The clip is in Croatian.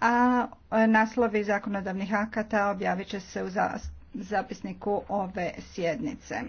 a naslovi zakonodavnih akata objavit će se u zapisniku ove sjednice.